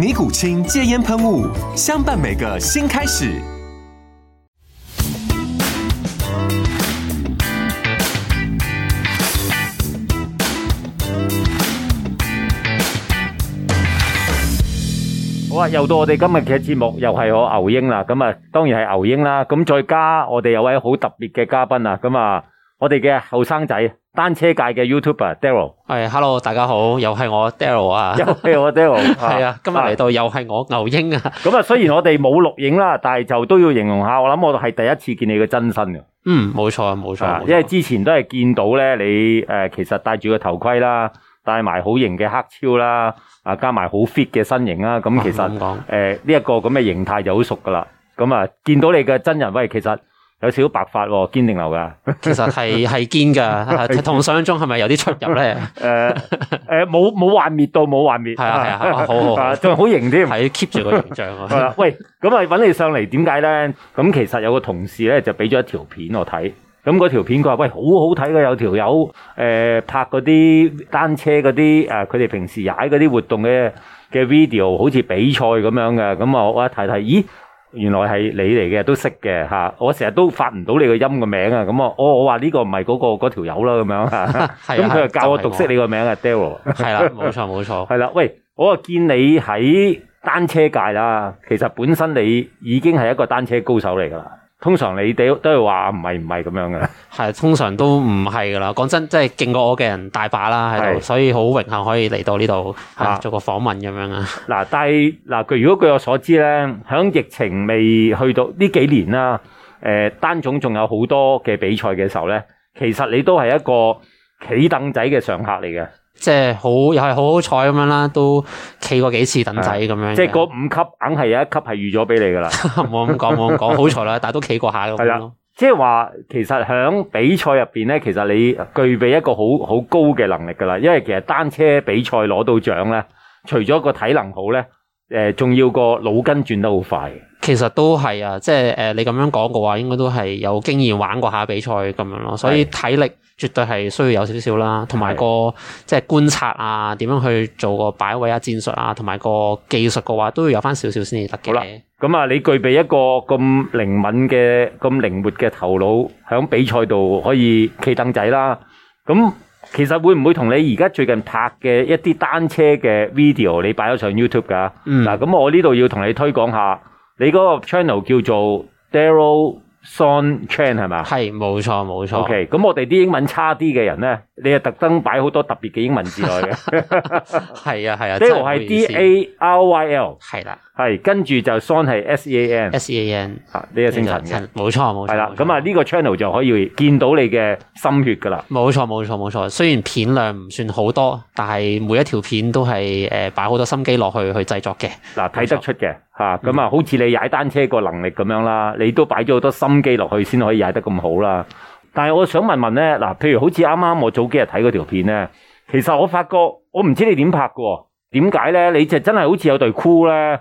尼古清戒煙噴霧，相伴每個新開始。好啊，又到我哋今日嘅節目，又係我牛英啦。咁啊，當然係牛英啦。咁再加我哋有位好特別嘅嘉賓啊。咁啊，我哋嘅後生仔。單車界嘅 YouTuber Daryl 係、hey，Hello，大家好，又係我 Daryl 啊， 又係我 Daryl，係啊， 啊，今日嚟到又係我牛英啊，咁 啊、嗯，雖然我哋冇錄影啦，但係就都要形容下，我諗我係第一次見你嘅真身嘅，嗯，冇錯啊，冇錯，錯，因為之前都係見到咧，你誒，其實戴住個頭盔啦，戴埋好型嘅黑超啦，啊、嗯，加埋好 fit 嘅身形啦，咁其實誒呢一個咁嘅形態就好熟噶啦，咁啊見到你嘅真人喂，其實。有少少白髮喎，堅定流噶。其實係係堅噶，同想象 中係咪有啲出入咧？誒誒、呃，冇冇幻滅到，冇幻滅。係啊係啊，好好好，仲好型添，係 keep 住個形象。係啊， 喂，咁啊揾你上嚟點解咧？咁其實有個同事咧就俾咗一條片我睇，咁嗰條片佢話喂好好睇嘅，有條友誒拍嗰啲單車嗰啲誒，佢哋平時踩嗰啲活動嘅嘅 video，好似比賽咁樣嘅，咁我一睇睇，咦？原來係你嚟嘅，都識嘅吓。我成日都發唔到你個音、個名啊，咁啊、哦，我我話呢個唔係嗰個嗰條友啦，咁樣咁佢就教我讀識你個名啊，Daryl。係啦， 冇錯冇錯。係啦， 喂，我見你喺單車界啦，其實本身你已經係一個單車高手嚟噶啦。通常你哋都係話唔係，唔係咁樣㗎。 係通常都唔係噶啦。講真，即係勁過我嘅人大把啦喺度，所以好榮幸可以嚟到呢度、啊、做個訪問咁樣啊。嗱，但係嗱，如果據我所知咧，響疫情未去到呢幾年啦，誒、呃，單總仲有好多嘅比賽嘅時候咧，其實你都係一個企凳仔嘅常客嚟嘅。即係好又係好好彩咁樣啦，都企過幾次等仔咁的樣。即係嗰五級，硬係的有一級係預咗俾你噶啦。 冇咁講，冇咁講，好彩啦，但係都企過下咯。係啦的，樣即係話其實喺比賽入邊咧，其實你具備一個好好高嘅能力噶啦，因為其實單車比賽攞到獎咧，除咗個體能好咧，誒、呃，仲要個腦筋轉得好快。其實都係啊，即係誒，你咁樣講嘅話，應該都係有經驗玩過下比賽咁樣咯，所以體力絕對係需要有少少啦，同埋個即係觀察啊，點樣去做個擺位啊、戰術啊，同埋個技術嘅話，都要有翻少少先至得嘅。好喇，咁啊，你具備一個咁靈敏嘅、咁靈活嘅頭腦，響比賽度可以企凳仔啦。咁其實會唔會同你而家最近拍嘅一啲單車嘅 video，你擺咗上 YouTube 噶？嗯，嗱，咁我呢度要同你推廣下。你嗰個 channel，叫做 Daryl Sean Chan 係嘛？係，冇錯冇錯。OK，咁我哋啲英文差啲嘅人咧，你又特登擺好多特別嘅英文字落去。係啊係啊，Daryl 係 D A R Y L。係啦。係，跟住就算係 Sean, S、E、A、N，S、E、A、N，啊呢個姓陳嘅？冇錯冇錯，係啦。咁啊呢個 channel 就可以見到你嘅心血㗎啦。冇錯冇錯冇錯，雖然片量唔算好多，但係每一條片都係誒擺好多心機落去去製作嘅。嗱，睇得出嘅嚇，冇錯，咁啊好似你踩單車個能力咁樣啦，嗯、你都擺咗好多心機落去先可以踩得咁好啦。但係我想問問咧，嗱，譬如好似啱啱我早幾日睇嗰條片咧，其實我發覺我唔知你點拍嘅喎，點解咧？你就真係好似有隊 crew 咧？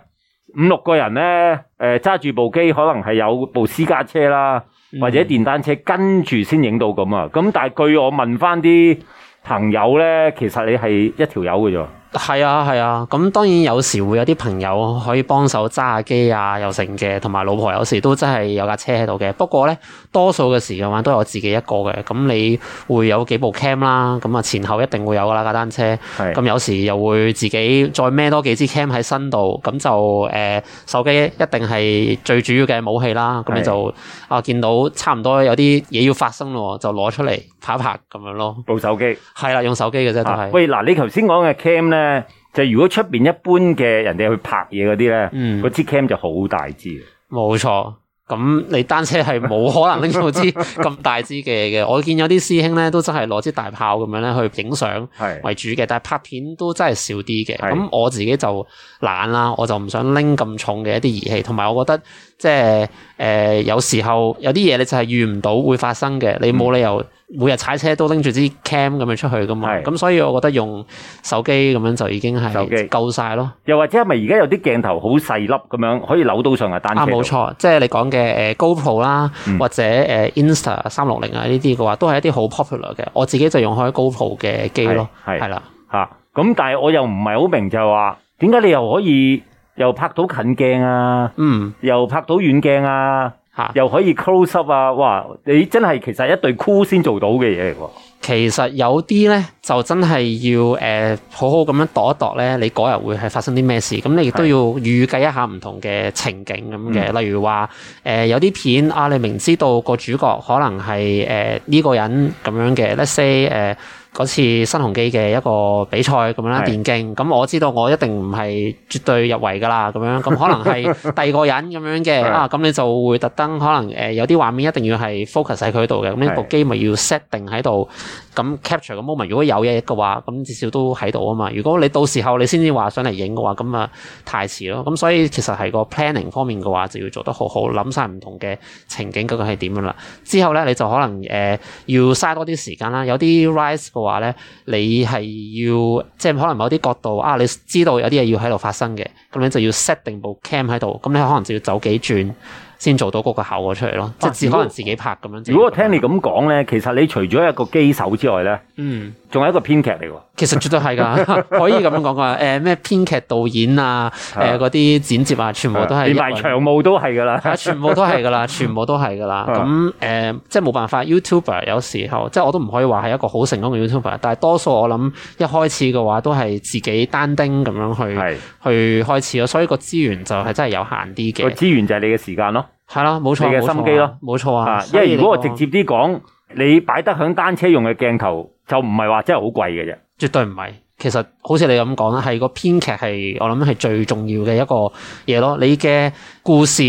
五六個人呢，誒揸住部機，可能係有部私家車啦，或者電單車，嗯嗯，跟住先影到咁啊！咁但係據我問翻啲朋友咧，其實你係一條友㗎啫。係啊係啊，咁、啊、當然有時會有啲朋友可以幫手揸下機啊，又成嘅，同埋老婆有時都真係有架車喺度嘅。不過咧，多數嘅時間話都我自己一個嘅。咁你會有幾部 cam 啦，咁啊前後一定會有噶啦，架單車咁有時又會自己再孭多幾支 cam 喺身度，咁就誒、呃、手機一定係最主要嘅武器啦。咁你就啊，啊見到差唔多有啲嘢要發生咯，就攞出嚟拍拍咁樣咯。部手機係啦，用手機嘅啫，就係、啊。喂嗱，你頭先講嘅 cam 咧？咧就如果出邊一般嘅人哋去拍嘢嗰啲咧，嗰、嗯、支 cam 就好大支嘅，冇錯。咁你單車係冇可能拎到支咁大支嘅嘅，我見有啲師兄咧都真係攞支大炮咁樣咧去影相係為主嘅，是的 但係拍片都真係少啲嘅。咁是的 我自己就懶啦，我就唔想拎咁重嘅一啲儀器，同埋我覺得即係誒、呃、有時候有啲嘢你就係遇唔到會發生嘅，你冇理由每日踩車都拎住支 cam 咁樣出去噶嘛。咁是的 所以我覺得用手機咁樣就已經係夠晒咯。又或者係咪而家有啲鏡頭好細粒咁樣可以扭到上架單車，啊，冇錯，即係你講嘅。嘅 GoPro 啦，Go Pro，或者 Insta 360啊呢啲嘅話，都係一啲好 popular 嘅。我自己就用開 GoPro 嘅機咯，係啦嚇。咁但係我又唔係好明就話點解你又可以又拍到近鏡啊，嗯，又拍到遠鏡啊，嚇，又可以 close up 啊，哇！你真係其實一隊 crew 先做到嘅嘢嚟喎。其實有啲咧就真係要誒、呃、好好咁樣度一度咧，你嗰日會係發生啲咩事？咁你亦都要預計一下唔同嘅情景咁嘅，的嗯、例如話誒、呃、有啲片啊，你明知道個主角可能係誒呢個人咁樣嘅，let's say 誒、呃。嗰次新鴻基嘅一個比賽咁樣啦，電競，咁是 我知道我一定唔係絕對入圍噶啦，咁樣，咁 可能係第二個人咁樣嘅 啊，咁你就會特登可能誒、呃、有啲畫面一定要係 focus 喺佢度嘅，咁呢部機咪要 set 定喺度，咁 capture 個 moment，如果有嘢嘅話，咁至少都喺度啊嘛。如果你到時候你先至話想嚟影嘅話，咁啊太遲咯。咁所以其實係個 planning 方面嘅話就要做得好好，諗晒唔同嘅情景究竟係點嘅啦。之後咧你就可能誒、呃、要嘥多啲時間啦，有啲 rise。嘅話咧，你係要即係可能某啲角度啊，你知道有啲嘢要喺度發生嘅，咁你就要 set 定部 cam 喺度，咁你可能就要走幾轉。先做到嗰個效果出嚟咯，即係可能自己拍咁樣。如果聽你咁講咧，其實你除咗一個機手之外咧，嗯，仲有一個編劇嚟喎。其實絕對係噶，可以咁樣講噶。誒咩編劇、導演啊，誒嗰啲剪接啊，全部都係連埋場務都係噶啦，全部都係噶啦，全部都係噶啦。咁誒，即係冇辦法。YouTuber 有時候即係我都唔可以話係一個好成功嘅 YouTuber，但係多數我諗一開始嘅話都係自己單丁咁樣去去開始咯，所以個資源就係真係有限啲嘅。資源就係你嘅時間咯。係啦，冇錯你嘅心機咯，冇錯啊。因為如果我直接啲講，的你擺得響單車用嘅鏡頭就唔係話真係好貴嘅啫，絕對唔係。其實好似你咁講啦，係個編劇係我諗係最重要嘅一個嘢咯。你嘅故事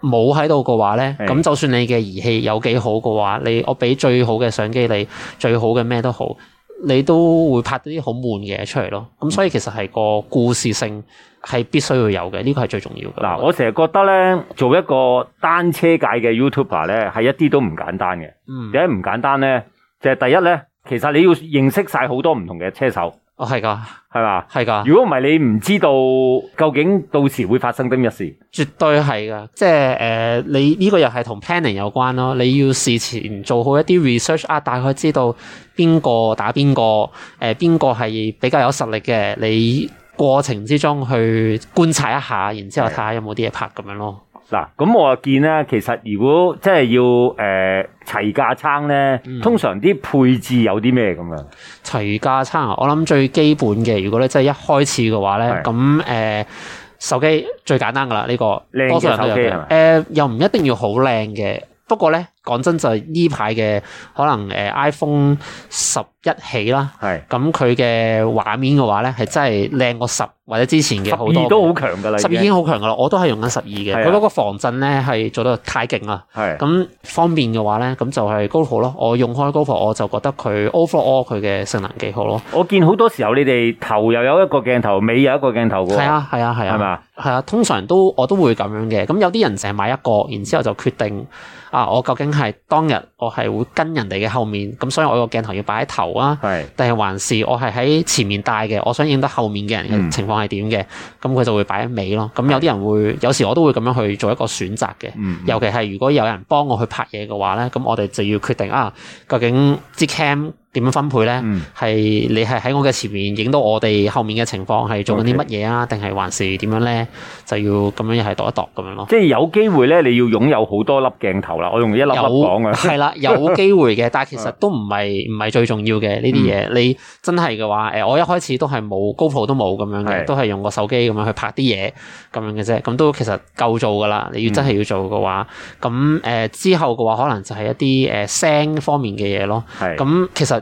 冇喺度嘅話咧，咁是的 就算你嘅儀器有幾好嘅話，你我俾最好嘅相機，你最好嘅咩都好，你都會拍到啲好悶嘅嘢出嚟咯。咁所以其實係個故事性。係必須要有嘅，呢個係最重要嘅。嗱，我成日覺得呢，做一個單車界嘅 YouTuber 呢，係一啲都唔簡單嘅。點解唔簡單呢？就係、是、第一呢，其實你要認識晒好多唔同嘅車手。哦，係噶，係嘛吧，係噶的。如果唔係，你唔知道究竟到時會發生啲咩事。絕對係噶，即係誒、呃，你呢個又係同 planning 有關咯。你要事前做好一啲 research 啊，大概知道邊個打邊個，誒、呃，邊個係比較有實力嘅你。過程之中去觀察一下，然之後睇下有冇啲嘢拍咁樣咯。嗱，咁我見咧，其實如果即係要誒、呃、齊架撐咧，嗯、通常啲配置有啲咩咁樣齊架撐啊，我諗最基本嘅，如果咧即係一開始嘅話咧，咁誒的、呃、手機最簡單噶啦，呢、這個多數人都有嗎、呃、又唔一定要好靚嘅。不過咧，講真就係呢排嘅可能誒，iPhone 十一起啦，係咁佢嘅畫面嘅話咧，係真係靚過十或者之前嘅。十二都好強噶啦，十二已經好強噶啦，在我都係用緊十二嘅，佢嗰個防震咧係做得太勁啦。係咁、啊、方便嘅話咧，咁就係 GoPro 咯，我用開 GoPro 我就覺得佢 overall 佢嘅性能幾好咯。我見好多時候你哋頭又有一個鏡頭，尾有一個鏡頭嘅。係啊係啊係啊，係啊,啊,吧啊，通常都我都會咁樣嘅。咁有啲人成日買一個，然之後就決定。啊！我究竟係當日我係會跟人哋嘅後面，咁所以我個鏡頭要擺喺頭啊，定係是還是我係喺前面戴嘅，我想影得後面嘅人嘅情況係點嘅，咁佢、嗯、就會擺喺尾咯。咁有啲人會是有時我都會咁樣去做一個選擇嘅，嗯嗯，尤其係如果有人幫我去拍嘢嘅話咧，咁我哋就要決定啊，究竟支 cam。點樣分配咧？係、嗯、你係喺我嘅前面影到我哋後面嘅情況係做緊啲乜嘢啊？定係還是點樣咧？就要咁樣又係度一度咁樣咯。即係有機會咧，你要擁有好多粒鏡頭啦。我用一粒粒講嘅。係啦，有機會嘅，但係其實都唔係唔係最重要嘅呢啲嘢。嗯、你真係嘅話，我一開始都係冇 Go Pro 都冇咁樣嘅，都係用個手機咁樣去拍啲嘢咁樣嘅啫。咁都其實夠做噶啦。你要真係要做嘅話，咁誒、嗯呃、之後嘅話，可能就係一啲、呃、聲方面嘅嘢咯。係咁，其實。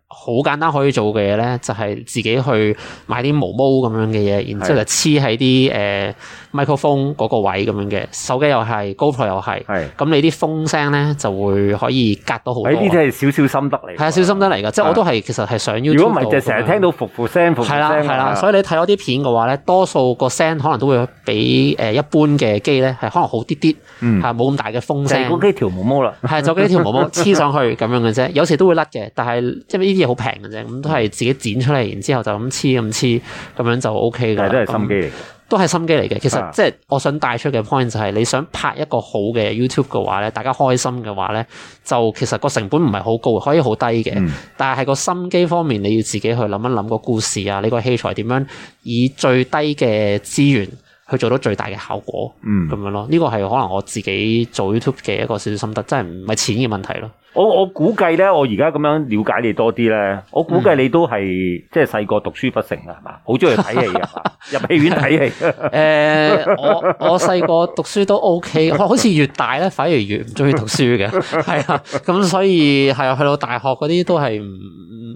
好簡單可以做嘅嘢咧，就係、是、自己去買啲毛毛咁樣嘅嘢，然之後就黐喺啲誒麥克風嗰個位咁樣嘅手機，又係高 o p r o 又係，咁的你啲風聲咧就會可以隔到好多。呢啲係小小心得嚟，係啊，小心得嚟㗎，即係的我都係其實係想要樣。如果唔係就成日聽到噗噗聲，係啦，係啦，所以你睇我啲片嘅話咧，多數個聲可能都會比誒一般嘅機咧係可能好啲啲，係冇咁大嘅風聲。咁機條毛毛啦，係就機、是、條毛毛黐 上去咁樣嘅啫，有時都會甩嘅，但係即呢啲。好平嘅啫，咁都係自己剪出嚟，然之後就咁黐咁黐，咁樣就 OK 嘅。都係心機，都係心機嚟嘅。其實即係我想帶出嘅 point 就係、是，啊、你想拍一個好嘅 YouTube 嘅話咧，大家開心嘅話咧，就其實個成本唔係好高，嗯、可以好低嘅。嗯、但係個心機方面，你要自己去諗一諗個故事啊，呢個器材點樣以最低嘅資源去做到最大嘅效果，嗯，咁樣咯。呢個係可能我自己做 YouTube 嘅一個小小心得，真係唔係錢嘅問題咯。我我估計咧，我而家咁樣了解你多啲咧，我估計你都係、嗯、即係細個讀書不成噶係嘛，好中意睇戲，入戲院睇戲。誒、呃， 我我細個讀書都 OK，好似越大咧反而越唔中意讀書嘅，係啊，咁所以係、啊、去到大學嗰啲都係唔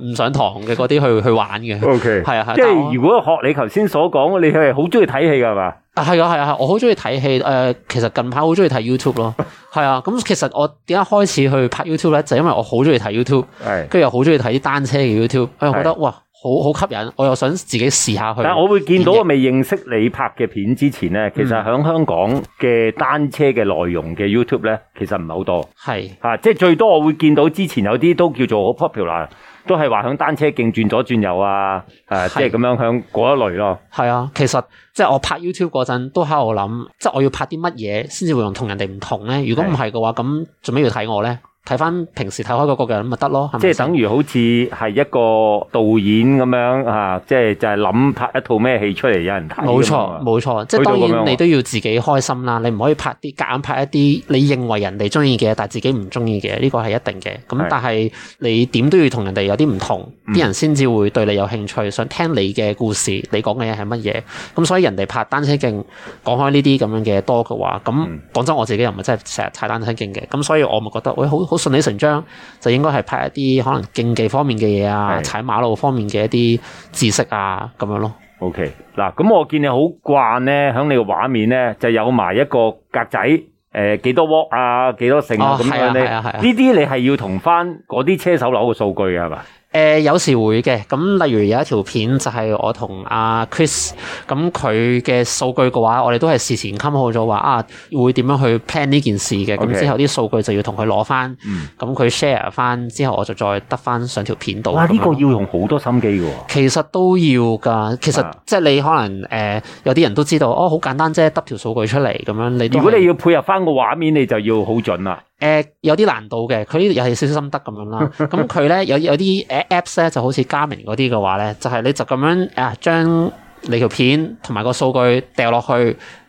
唔上堂嘅嗰啲去去玩嘅。OK，係啊，即係如果學你頭先所講，你係好中意睇戲噶係嘛？啊，係啊，係啊，係！我好中意睇戲，誒、呃，其實近排好中意睇 YouTube 咯，係啊， 咁其實我點解開始去拍 YouTube 咧，就因為我好中意睇 YouTube，跟住又好中意睇啲單車嘅 YouTube，我又的覺得哇，好好吸引，我又想自己試下去。但係我會見到我未認識你拍嘅片之前咧，的其實喺香港嘅單車嘅內容嘅 YouTube 咧，其實唔係好多，係的、啊，即係最多我會見到之前有啲都叫做好 popular。都係話響單車徑轉左轉右啊，誒，係，即係咁樣響嗰一類咯。係啊，其實即係我拍 YouTube 嗰陣，都喺度諗，即係我要拍啲乜嘢先至會同人哋唔同咧？如果唔係嘅話，咁做咩要睇我咧？睇翻平時睇開嗰個嘅咁咪得咯，即係等於好似係一個導演咁樣啊，即係就係、是、諗拍一套咩戲出嚟，有人睇錯。冇錯冇錯，即係當然你都要自己開心啦，你唔可以拍啲夾硬拍一啲你認為人哋中意嘅，但自己唔中意嘅，呢個係一定嘅。咁但係你點都要同人哋有啲唔同，啲是的 人先至會對你有興趣，嗯、想聽你嘅故事，你講嘅嘢係乜嘢。咁所以人哋拍單車徑，講開呢啲咁樣嘅多嘅話，咁講真我自己又唔係真係成日踩單車徑嘅，咁所以我咪覺得喂、哎、好。好順理成章就應該係拍一啲可能競技方面嘅嘢啊，踩的馬路方面嘅一啲知識啊，咁樣咯。OK，嗱，咁我見你好慣咧，響你個畫面咧就有埋一個格仔，誒、呃，幾多瓦啊，幾多勝啊，咁樣咧，呢啲你係要同翻嗰啲車手樓嘅數據嘅係嘛？誒、呃、有時會嘅，咁例如有一條片就係我同阿 Chris 咁佢嘅數據嘅話，我哋都係事前 plan 好咗話啊，會點樣去 plan 呢件事嘅，咁 Okay. 之後啲數據就要同佢攞翻，咁佢 share 翻之後，我就再得翻上條片度。哇！呢個要用好多心機喎，其實都要㗎，其實即係你可能誒、呃、有啲人都知道，哦，好簡單啫，得、就是、條數據出嚟咁樣你都。如果你要配合翻個畫面，你就要好準啦、啊。誒、呃、有啲難度嘅，佢又係少少心得咁樣啦。咁佢咧有有啲誒 Apps 咧就好似加明嗰啲嘅話咧，就係、是、你就咁樣啊將你條片同埋個數據掉落去，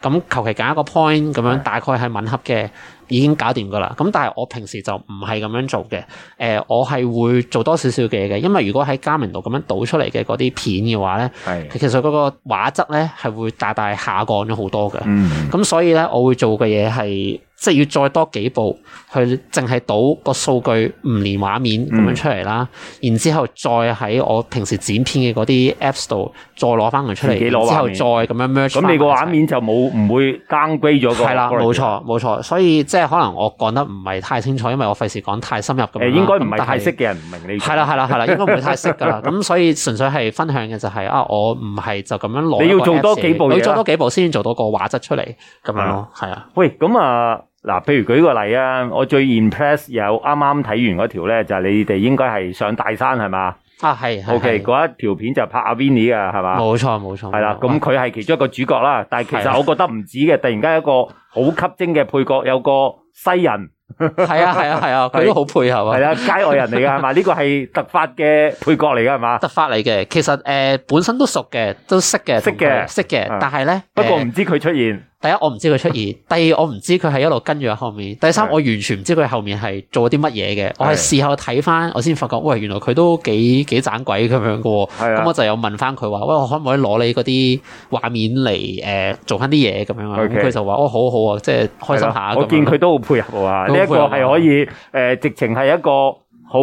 咁求其揀一個 point 咁樣，大概係吻合嘅，已經搞掂噶啦。咁但係我平時就唔係咁樣做嘅，誒、呃、我係會做多少少嘅嘢嘅，因為如果喺加明度咁樣倒出嚟嘅嗰啲片嘅話咧，是的 其實嗰個畫質咧係會大大下降咗好多嘅。嗯，咁所以咧我會做嘅嘢係。即係要再多幾步，去淨係倒個數據唔連畫面咁樣出嚟啦。然之後再喺我平時剪片嘅嗰啲 Apps 度再攞翻佢出嚟，之後再咁樣 merge 咁你個畫面就冇唔會 downgrade 咗。係啦，冇錯冇錯。所以即係可能我講得唔係太清楚，因為我費事講太深入咁樣。誒，應該唔係太識嘅人唔明呢樣。係啦係啦係啦，應該唔會太識㗎啦。咁所以純粹係分享嘅就係啊，我唔係就咁樣攞。你要做多幾步，你要做多幾步先做到個畫質出嚟咁樣咯，係啊。喂，咁啊～嗱，譬如舉個例啊，我最 impress 有啱啱睇完嗰條呢，就係、是、你哋應該係上大山係咪？是吧啊，係。OK，嗰一條片就拍阿 Vinny 㗎，噶係嘛？冇錯冇錯。係啦是，咁佢係其中一個主角啦，哇但係其實我覺得唔止嘅，是啊、突然間一個好吸睛嘅配角，有個西人。係啊係啊係啊，佢都好配合啊。係啊，街外人嚟噶係嘛？呢個係特發嘅配角嚟噶係嘛？特發嚟嘅，其實誒本身都熟嘅，都識嘅，識嘅識嘅。但係咧，不過唔知佢出現。第一我唔知佢出現，第二我唔知佢係一路跟住喺後面，第三我完全唔知佢後面係做咗啲乜嘢嘅。我係事後睇翻，我先發覺，喂，原來佢都幾幾盞鬼咁樣噶。咁我就有問翻佢話，喂，我可唔可以攞你嗰啲畫面嚟誒做翻啲嘢咁樣啊？佢就話，哦，好，好。即係開心一下，我見佢都好配合啊！呢、呃、一個係可以誒，直情係一個好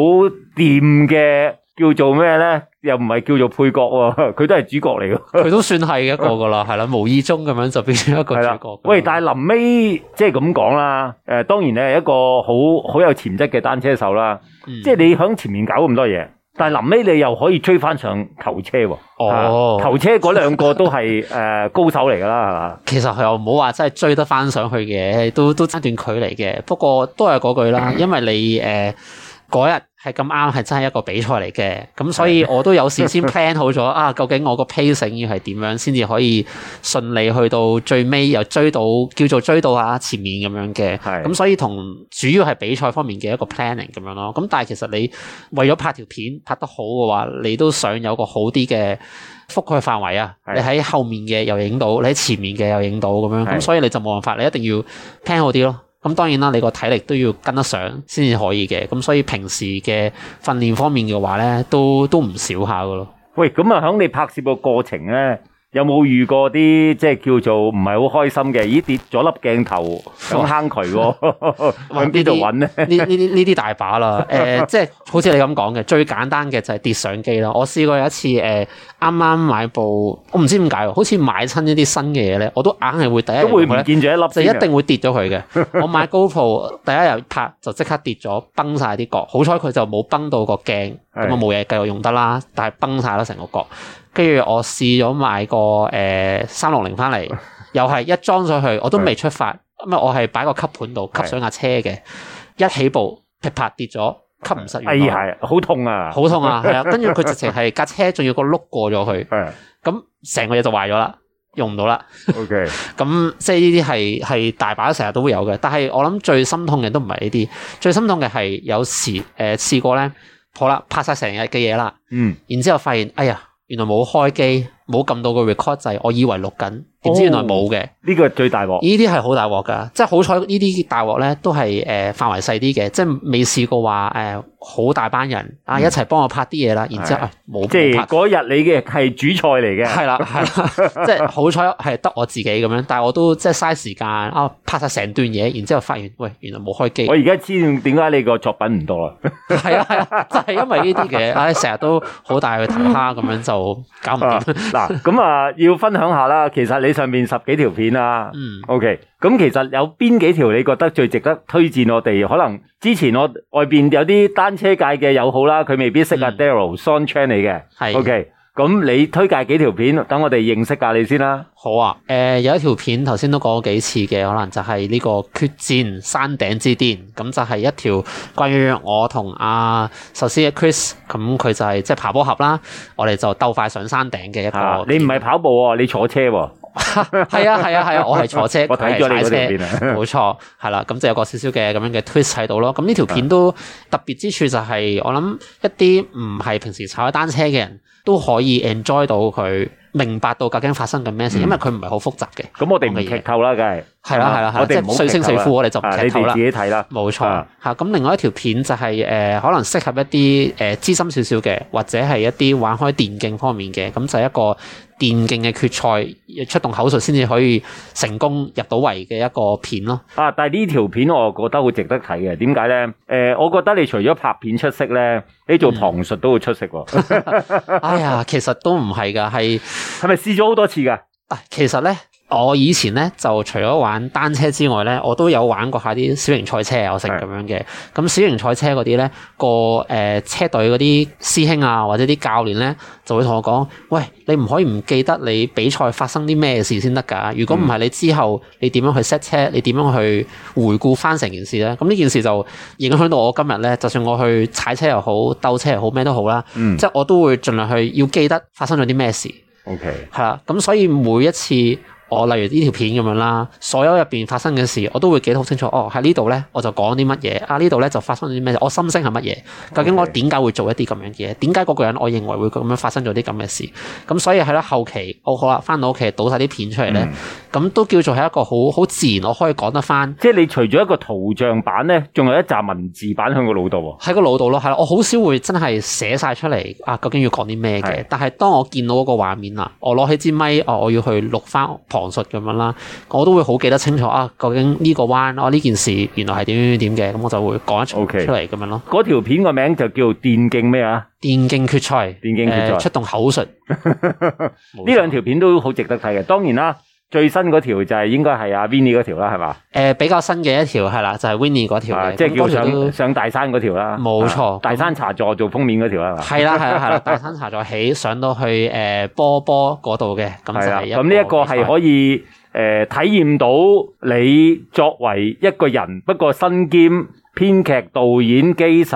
掂嘅叫做咩咧？又唔係叫做配角喎，佢都係主角嚟嘅，佢都算係一個噶啦，係啦、啊，無意中咁樣就變成一個主角。喂，但係臨尾即係咁講啦，誒、呃，當然咧，係一個好好有潛質嘅單車手啦，嗯、即係你響前面搞咁多嘢。但係臨尾你又可以追翻上頭車喎，哦、啊，頭車嗰兩個都係誒、 呃、高手嚟噶啦，係嘛？其實佢又唔好話真係追得翻上去嘅，都都爭段距離嘅，不過都係嗰句啦，因為你誒嗰日。呃係咁啱，係真係一個比賽嚟嘅，咁所以我都有事先 plan 好咗是的 啊！究竟我個 pacing 要係點樣，先至可以順利去到最尾，又追到叫做追到啊前面咁樣嘅。咁是的 所以同主要係比賽方面嘅一個 planning 咁樣咯。咁但係其實你為咗拍條片拍得好嘅話，你都想有個好啲嘅覆蓋範圍啊！是的 你喺後面嘅又影到，你喺前面嘅又影到咁樣，咁是的 所以你就冇辦法，你一定要 plan 好啲咯。咁當然啦，你個體力都要跟得上先至可以嘅，咁所以平時嘅訓練方面嘅話咧，都都唔少下嘅咯。喂，咁啊，喺你拍攝個過程咧？有冇遇過啲即係叫做唔係好開心嘅？咦，跌咗粒鏡頭響坑渠喎！去邊度揾咧？呢呢啲呢啲大把啦、 呃。即係好似你咁講嘅，最簡單嘅就係跌相機啦。我試過有一次誒，啱、呃、啱買部，我唔知點解喎，好似買親呢啲新嘅嘢咧，我都硬係會第一日會唔見住一粒，就一定會跌咗佢嘅。 我買 GoPro 第一日拍就即刻跌咗崩晒啲角，好彩佢就冇崩到個鏡，咁啊冇嘢繼續用得啦。但係崩晒啦，成個角。跟住我試咗買個誒三六零翻嚟，又係一裝上去，我都未出發，咁啊是的 我係擺個吸盤度吸上架車嘅，是的 一起步的啪啪，跌咗，吸唔實。哎呀，好痛啊！好痛啊！係啊，跟住佢直情係架車仲要個碌過咗佢，咁成個嘢就壞咗啦，用唔到啦。OK，咁即係呢啲係係大把，成日都會有嘅。但係我諗最心痛嘅都唔係呢啲，最心痛嘅係有時誒試過咧好啦，拍晒成日嘅嘢啦，嗯，然之後發現哎呀！原來冇開機。冇撳到個 record 掣，我以為錄緊，點知原來冇嘅。呢個最大鑊，呢啲係好大鑊㗎、呃，即係好彩呢啲大鑊咧都係誒範圍細啲嘅，即係未試過話誒好大班人啊、嗯、一齊幫我拍啲嘢啦，的然之後冇、哎、即係嗰日你嘅係主菜嚟嘅，係啦係啦，即係 好彩係得我自己咁樣，但係我都即係嘥時間啊，拍晒成段嘢，然之後發現喂、哎、原來冇開機。我而家知點解你個作品唔多啦？係啊係啊，就係因為呢啲嘅，唉，成日都好大去頭蝦咁樣就搞唔掂。 嗱，咁啊，要分享下啦。其實你上面十幾條片啊，嗯，OK。咁其實有邊幾條你覺得最值得推薦我哋？可能之前我外面有啲單車界嘅友好啦，佢未必識阿 Daryl Sean Chan 嚟嘅，OK。咁你推介幾條片，等我哋認識下你先啦。好啊，誒、呃，有一條片頭先都講咗幾次嘅，可能就係呢個決戰山頂之巔，咁就係一條關於我同阿壽司嘅 Chris，咁佢就係即係爬坡俠啦，我哋就鬥快上山頂嘅一個、啊。你唔係跑步喎、啊，你坐車喎、啊。嗯係啊係啊係啊！我係坐車，我睇咗你嗰邊啊，冇錯，係啦，咁就有個少少嘅咁樣嘅 twist 喺度咯。咁呢條片都特別之處就係，我諗一啲唔係平時踩單車嘅人都可以 enjoy 到佢，明白到究竟發生緊咩事，因為佢唔係好複雜嘅。咁我哋唔劇透啦，梗係係啦係啦，即係碎星碎庫我哋就唔劇透啦。你哋自己睇啦，冇錯吓。咁另外一條片就係誒，可能適合一啲誒資深少少嘅，或者係一啲玩開電競方面嘅，咁就一個。電競嘅決賽，出動口述先至可以成功入到圍嘅一個片咯。啊，但係呢條片我覺得會值得睇嘅。點解咧？誒，我覺得你除咗拍片出色咧，你做旁述都會出色喎。哎呀，其實都唔係㗎，係係咪試咗好多次㗎？啊，其實咧。我以前咧就除咗玩單車之外咧，我都有玩過下啲小型賽車啊，我成咁樣嘅。咁係小型賽車嗰啲咧個誒、呃、車隊嗰啲師兄啊，或者啲教練咧就會同我講：「喂，你唔可以唔記得你比賽發生啲咩事先得㗎。如果唔係，你之後你點樣去 set 車？你點樣去回顧翻成件事咧？咁呢件事就影響到我今日咧。就算我去踩車又好，鬥車又好，咩都好啦。即係、嗯、我都會盡量去要記得發生咗啲咩事。OK，係啦。咁所以每一次。我例如呢條片咁樣啦，所有入邊發生嘅事，我都會記得好清楚。哦，喺呢度咧，我就講啲乜嘢啊？呢度咧就發生咗啲咩？我心聲係乜嘢？究竟我點解會做一啲咁樣嘅嘢？點解嗰個人我認為會咁樣發生咗啲咁嘅事？咁所以係啦，後期我好啦，翻到屋企倒晒啲片出嚟咧。嗯咁都叫做係一個好好自然，我可以講得翻。即係你除咗一個圖像版咧，仲有一集文字版喺個腦度喎。喺個腦度咯，係啦。我好少會真係寫晒出嚟啊！究竟要講啲咩嘅？是的 但係當我見到嗰個畫面啦，我攞起支咪，我、啊、我要去錄翻旁述咁樣啦，我都會好記得清楚啊！究竟呢個彎，啊呢、啊、件事原來係點點點嘅，咁我就會講一出出嚟咁樣咯。嗰、okay. 條片個名就叫電競咩啊？電競決賽，電競決賽、呃、出動口述。呢 錯兩條片都好值得睇嘅，當然啦。最新嗰條就係應該係阿 Vinny 嗰條啦，係咪？誒，比較新嘅一條係啦，就係 Vinny 嗰條、啊，即係叫上上大山嗰條啦。冇錯，大山茶座做封面嗰條啦。係啦，係啦， 係啦，大山茶座起上到去誒、呃、波波嗰度嘅，咁就係。咁呢一個係可以誒、呃、體驗到你作為一個人，不過身兼，編劇、導演、機手、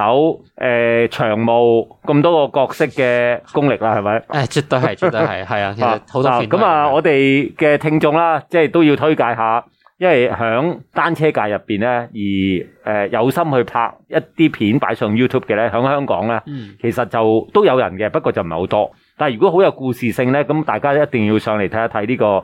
誒場務，咁多個角色嘅功力啦，係咪？誒，絕對係，絕對係，係啊，其實好多咁啊，啊，啊，我哋嘅聽眾啦，即係都要推介下，因為響單車界入邊咧，而誒、呃、有心去拍一啲片擺上 YouTube 嘅咧，響香港咧，其實就都有人嘅，不過就唔係好多。但係如果好有故事性咧，咁大家一定要上嚟睇一睇呢個。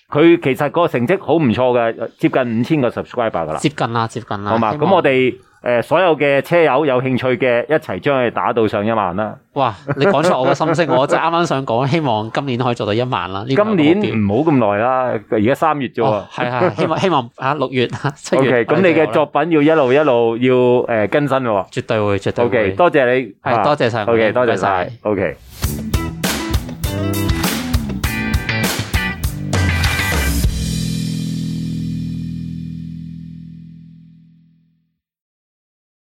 佢其實個成績好唔錯嘅，接近五千個 subscriber 噶啦。接近啦，接近啦。好嘛，咁我哋誒所有嘅車友有興趣嘅，一齊將佢打到上一萬啦。哇！你講出我嘅心聲，我即係啱啱想講，希望今年可以做到一萬啦。今年唔好咁耐啦，而家三月啫喎。係係，希望希望嚇六月嚇七月。O K，咁你嘅作品要一路一路要誒更新喎。絕對會，絕對會。O K，多謝你，係多謝晒。O K，多謝晒。O K。